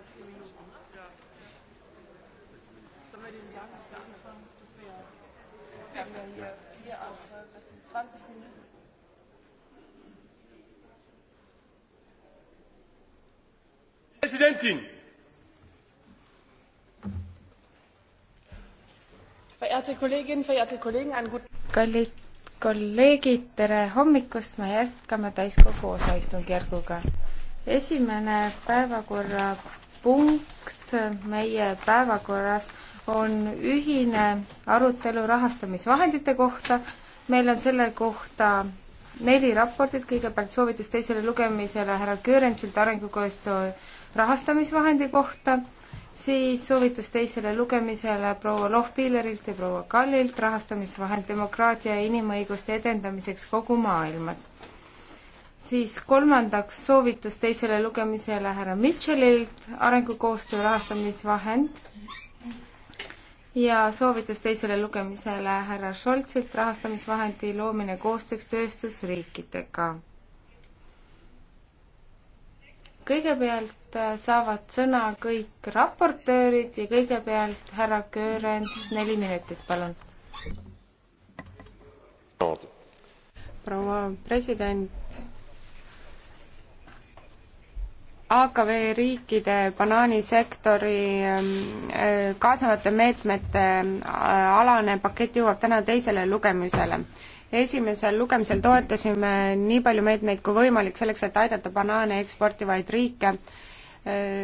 24 Minuten, ne? Ja. Sollen wir denen sagen, dass wir angefangen haben? Das wäre ja. Wir haben ja hier 4, 8, 12, 16, 20 Minuten. Präsidentin! Verehrte Kolleginnen, verehrte Kollegen, einen guten Kallid kolleegid, tere hommikust, me jätkame täiskogu osaistungjärguga. esimene päevakorrapunkt punkt meie päevakorras on ühine arutelu rahastamisvahendite kohta. meil on selle kohta neli raportit, kõigepealt soovitus teisele lugemisele härra Köörensilt arengukoostöö rahastamisvahendi kohta, siis soovitus teisele lugemisele proua Lohpillerilt ja proua Kallilt rahastamisvahend demokraatia ja inimõiguste edendamiseks kogu maailmas siis kolmandaks soovitus teisele lugemisele härra Mitchellilt, arengukoostöö rahastamisvahend. ja soovitus teisele lugemisele härra Scholzilt, rahastamisvahendi loomine koostööks tööstusriikidega. kõigepealt äh, saavad sõna kõik raportöörid ja kõigepealt härra Köörents, neli minutit, palun. proua president AKV riikide banaanisektori ähm, äh, kaasavate meetmete äh, alane pakett jõuab täna teisele lugemisele. esimesel lugemisel toetasime nii palju meetmeid kui võimalik selleks, et aidata banaane eksportivaid riike äh,